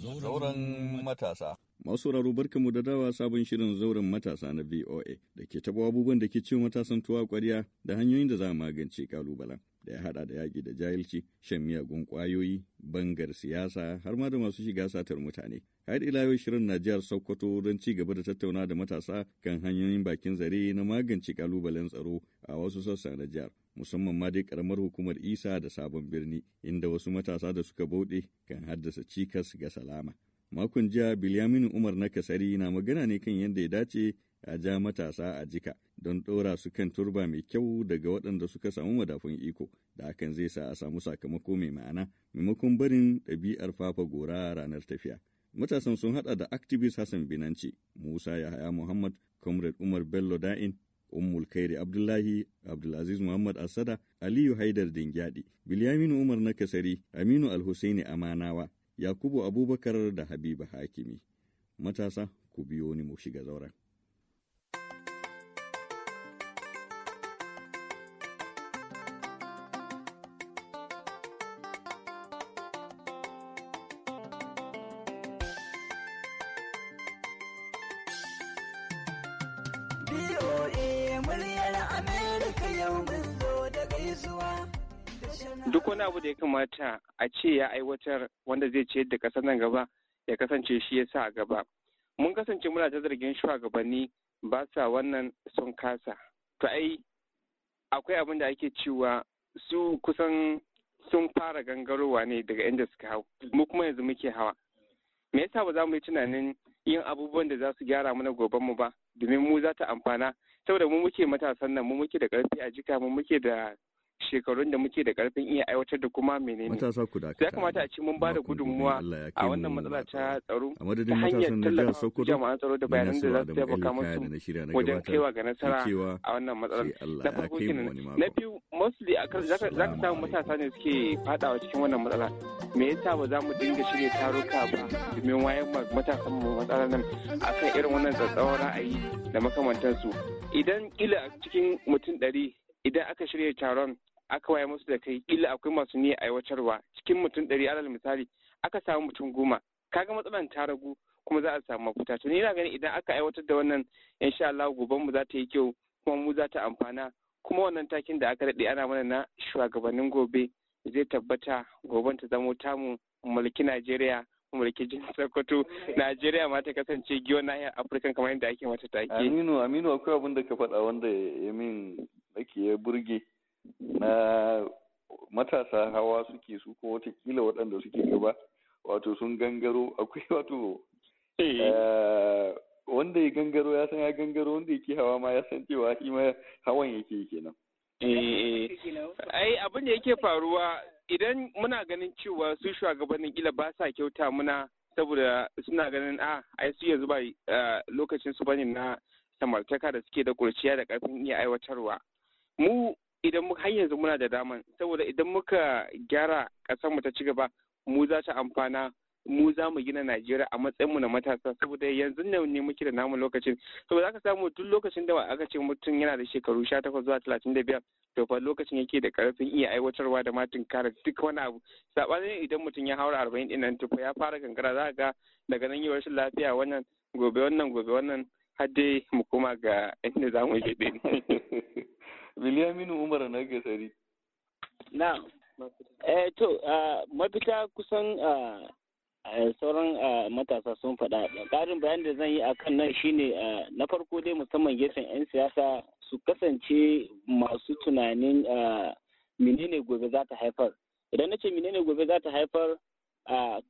Zauren matasa. Masu raro mu da dawa sabon shirin zauren matasa na VOA da ke tabo abubuwan da ke ciwo matasan tuwa kwariya da hanyoyin da za a magance kalubalen da ya hada da yaki da jahilci, shan miyagun kwayoyi bangar siyasa har ma da masu shiga satar mutane. Har ila yau shirin na jihar Sokoto don ci gaba da tattauna da matasa kan hanyoyin bakin zare na magance kalubalen tsaro a wasu sassa na jihar. musamman ma dai karamar hukumar isa da sabon birni inda wasu matasa da suka bauɗe kan haddasa cikas ga salama makon jiya bilyaminu umar na kasari na magana ne kan yadda ya dace a ja matasa a jika don ɗora su kan turba mai kyau daga waɗanda suka samu madafun iko da hakan zai sa a samu sakamako mai ma'ana maimakon barin ɗabi'ar fafa gora ranar tafiya matasan sun haɗa da activist hassan binanci musa yahaya muhammad comrade umar bello da'in Ummul Kairi Abdullahi, Abdulaziz Muhammad Asada, Aliyu Haidar Dingyadi, Bilyaminu Umar Nakasari, Aminu Alhussaini Amanawa, Yakubu Abubakar da Habiba Hakimi. Matasa, ku biyo ni mu shiga zauren. duk wani abu da ya kamata a ce ya aiwatar wanda zai ciyar da kasar nan gaba ya kasance shi ya sa a gaba mun kasance muna ta zargin shugabanni ba sa wannan sun kasa to ai akwai abin da ake cewa su kusan sun fara gangarowa ne daga inda suka hau mu kuma yanzu muke hawa me yasa ba za mu yi tunanin yin abubuwan da za su gyara mana goben mu ba domin mu za ta amfana saboda mu muke matasan nan mu muke da karfi a jika mu muke da shekarun da muke da karfin iya aiwatar da kuma menene matasa ku da ya kamata a ce mun ba da gudunmuwa a wannan matsala ta tsaro ta hanyar tallafa jama'an tsaro da bayanan da za su taimaka musu wajen kaiwa ga nasara a wannan matsala na farko kenan na biyu mostly za ka samu matasa ne suke fadawa cikin wannan matsala me yasa ba za mu dinga shirya taruka ba domin wayan matasan mu matsalar nan akan irin wannan tsatsauran ra'ayi da makamantansu idan kila cikin mutum ɗari idan aka shirya taron aka waye musu da kai illa akwai masu niyya aiwatarwa cikin mutum ɗari alal misali aka samu mutum goma kaga matsalan ta ragu kuma za a samu mafuta to ni na ganin idan aka aiwatar da wannan sha Allah goban mu za ta yi kyau kuma mu za ta amfana kuma wannan takin da aka daɗe ana mana na shugabannin gobe zai tabbata goban ta zamo tamu mulki Najeriya mulki jin Sokoto Najeriya ma ta kasance na nahiyar Afirka kamar yadda ake mata take Aminu Aminu akwai abin da ka faɗa wanda ya min nake ya burge na matasa hawa suke su ko watakila waɗanda suke gaba wato sun gangaro akwai wato eh. Eh, wanda ya gangaro ya san ya gangaro wanda yake hawa ma ya san cewa shi ma hawan yake kenan eh, ai abin da yake faruwa idan muna ganin cewa su shugabannin kila ba sa kyauta muna saboda suna ganin a ah, ai su yanzu ba lokacin su bane na samartaka da suke da kurciya da karfin iya aiwatarwa mu idan muka har yanzu muna da daman saboda idan muka gyara ƙasar mu ta ci gaba mu za ta amfana mu za mu gina Najeriya a matsayin mu na matasa saboda yanzu ne ne muke da namu lokacin saboda aka samu duk lokacin da aka ce mutum yana da shekaru 18 zuwa 35 to fa lokacin yake da karfin iya aiwatarwa da matin kare duk wani abu sabanin idan mutum ya haura 40 din nan to ya fara gangara za ga daga nan yi rashin lafiya wannan gobe wannan gobe wannan har dai mu koma ga inda za mu je Williaminu Umar na gasari. Na, eh to mafita kusan sauran matasa sun faɗa. Ƙarin bayan da zan yi a kan nan shine na farko dai musamman gefen 'yan siyasa su kasance masu tunanin menene gobe za ta haifar. Idan na ce menene gobe za ta haifar,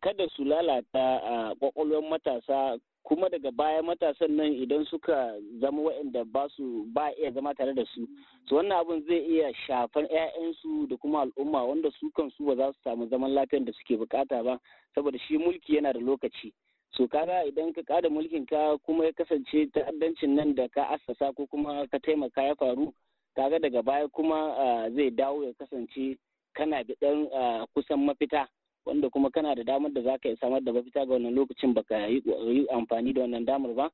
kada su lalata ƙwaƙwalwar matasa kuma daga baya matasan nan idan suka zama waɗanda ba su ba iya zama tare da su su wannan abin zai iya shafar 'ya'yansu da kuma al'umma wanda su kansu ba za su samu zaman lafiyar da suke bukata ba saboda shi mulki yana da lokaci so kaga idan ka kada mulkin ka kuma ya kasance ta'addancin nan da ka assasa ko kuma ka taimaka ya faru kaga daga baya kuma ah, zai dawo ya kasance kana da dan ah, kusan mafita wanda kuma kana da damar da zaka samar da mafita ga wannan lokacin baka yi amfani da wannan damar ba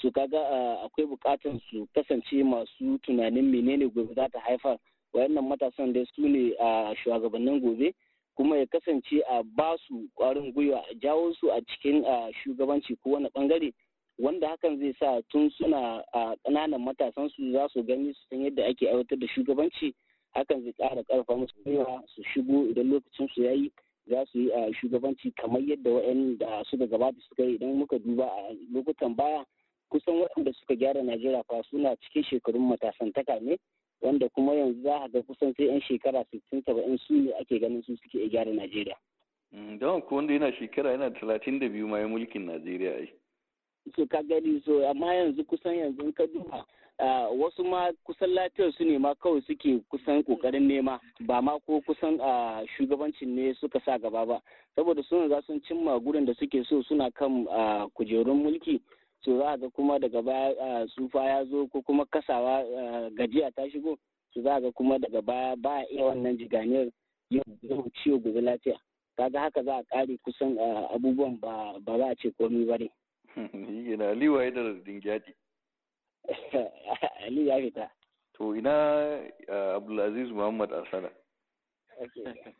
su kaga akwai bukatan su kasance masu tunanin menene gobe za ta haifar wayannan matasan dai su ne a shugabannin gobe kuma ya kasance a ba su kwarin gwiwa a jawo su a cikin shugabanci ko wani bangare wanda hakan zai sa tun suna a ƙananan matasan su za su gani su san yadda ake aiwatar da shugabanci hakan zai ƙara ƙarfa musu gwiwa su shigo idan lokacin su yayi za su yi shugabanci kamar yadda waɗanda suka gabata suka yi idan muka duba a lokutan baya kusan waɗanda suka gyara najeriya fa suna cikin shekarun matasantaka ne wanda kuma yanzu za a ga kusan sai 'yan shekara sittin saba'in su ne ake ganin su suke gyara najeriya mm, don ko wanda yana shekara yana talatin da biyu ma ya mulkin najeriya ai so ka gani so amma yanzu kusan yanzu ka duba wasu ma kusan lafiyar su ne ma kawai suke kusan kokarin nema ba ma ko kusan shugabancin ne suka sa gaba ba saboda suna za sun cimma gurin da suke so suna kan kujerun mulki su za ga kuma daga baya tsufa ya zo ko kuma kasawa gajiya ta shigo su za ga kuma daga baya ba iya wannan jiganiyar yau ciwo gobe lafiya kaga haka za a kare kusan abubuwan ba za a ce komai ba ne. Yana liwaye da Ali ya fita. To ina uh, Abdulaziz Muhammad Asana.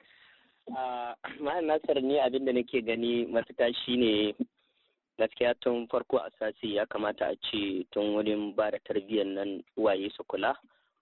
Ah, Ma'an Nasar ni abin da nake gani mafita shine gaskiya tun farko a sasi ya kamata a ce tun wurin ba da tarbiyyar nan waye su kula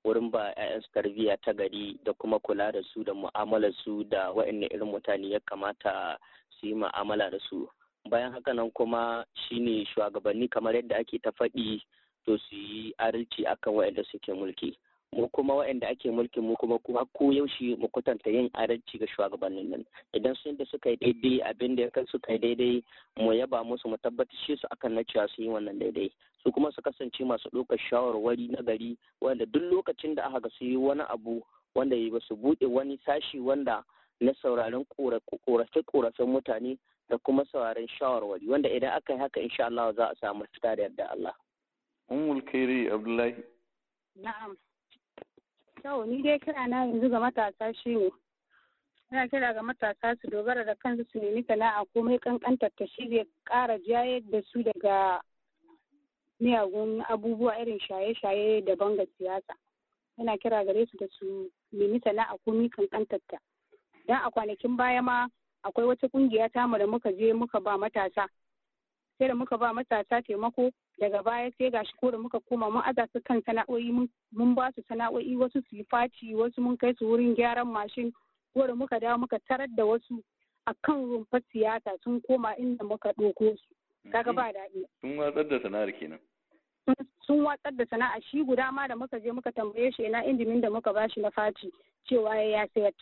wurin ba 'ya'yansu tarbiyya ta gari da kuma kula da su da mu'amala su da wa'annan irin mutane ya kamata su yi mu'amala da su bayan haka nan kuma shine shugabanni kamar yadda ake ta faɗi so su yi adalci akan waɗanda suke mulki mu kuma waɗanda ake mulki mu kuma kuma ko yaushe mu kwatanta yin adalci ga shugabannin nan idan sun da suka yi daidai abin da kan suka yi daidai mu yaba musu mu tabbatar su akan na cewa su yi wannan daidai su kuma su kasance masu ɗaukar shawarwari na gari wanda duk lokacin da aka ga su yi wani abu wanda ya ba su buɗe wani sashi wanda na sauraron korafe-korafen mutane da kuma sauraron shawarwari wanda idan aka yi haka insha Allah za a samu fita da yarda Allah. umul umm Kairi Abdullahi. Na'am. Yau ni dai kira na yanzu ga matasa shi ne. Ina kira ga matasa su dogara da kansu su nemi sana'a komai kankantar ta shi zai kara jayar da su daga miyagun abubuwa irin shaye-shaye daban ga siyasa. Ina kira gare su da su nemi sana'a komai kankantar ta. Dan a kwanakin baya ma akwai wata kungiya ta da muka je muka ba matasa sai da muka ba matasa taimako daga baya sai gashi ko da muka koma mu aza su kan sana'o'i mun ba su sana'o'i wasu su yi faci wasu mun kai su wurin gyaran mashin ko da muka dawo muka tarar da wasu akan rumfa siyasa sun koma inda muka ɗauko su kaga ba daɗi sun watsar da sana'ar kenan sun watsar da sana'a shi guda ma da muka je muka tambaye shi ina injimin da muka bashi na faci cewa ya sayar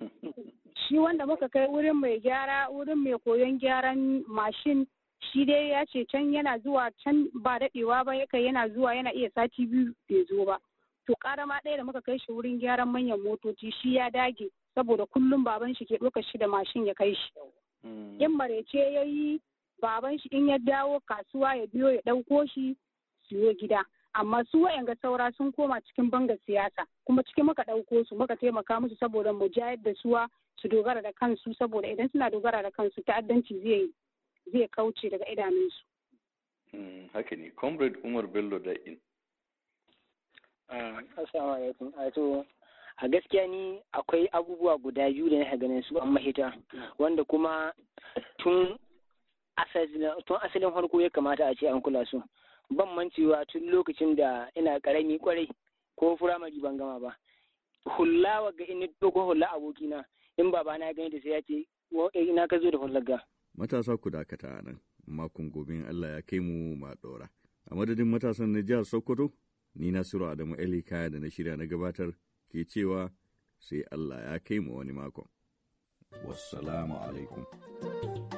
shi wanda muka kai wurin mai gyara wurin mai koyon gyaran mashin shi dai ya ce can yana zuwa can ba daɗewa ba yakan yana zuwa yana iya sati biyu bai zo ba to karama ɗaya da muka kai shi wurin gyaran manyan motoci shi ya dage saboda kullum baban shi ke ɗaukar shi da mashin ya kai shi mm. in marece ya yi baban shi in ya dawo kasuwa ya biyo ya ɗauko shi siyo gida amma su ga saura sun koma cikin banga siyasa kuma cikin muka ɗauko su muka taimaka musu saboda mu jayar da suwa su dogara da kansu saboda idan suna dogara da kansu ta'addanci zai yi. zai kauce daga idanunsu. Hmm, haka ne comrade umar bello da'in ah, assalamu alaikum ah, to a gaskiya ni akwai abubuwa guda biyu da na ganin su an mahita wanda kuma tun asalin harko ya kamata a ce an kula su ban mancewa tun lokacin da ina karami kwarai ko firamari ban gama ba hulawa ga ina dogon hula abokina in babana ya gani da sai ya ce eh, ina ka zo da hulaga. matasa ku dakata a nan makon gobe in Allah ya kai mu ma ɗora. A madadin matasan na jihar Sokoto, ni Nasiru Adamu Eli kaya da na shirya na gabatar ke cewa sai Allah ya kai mu wani makon. Wassalamu alaikum.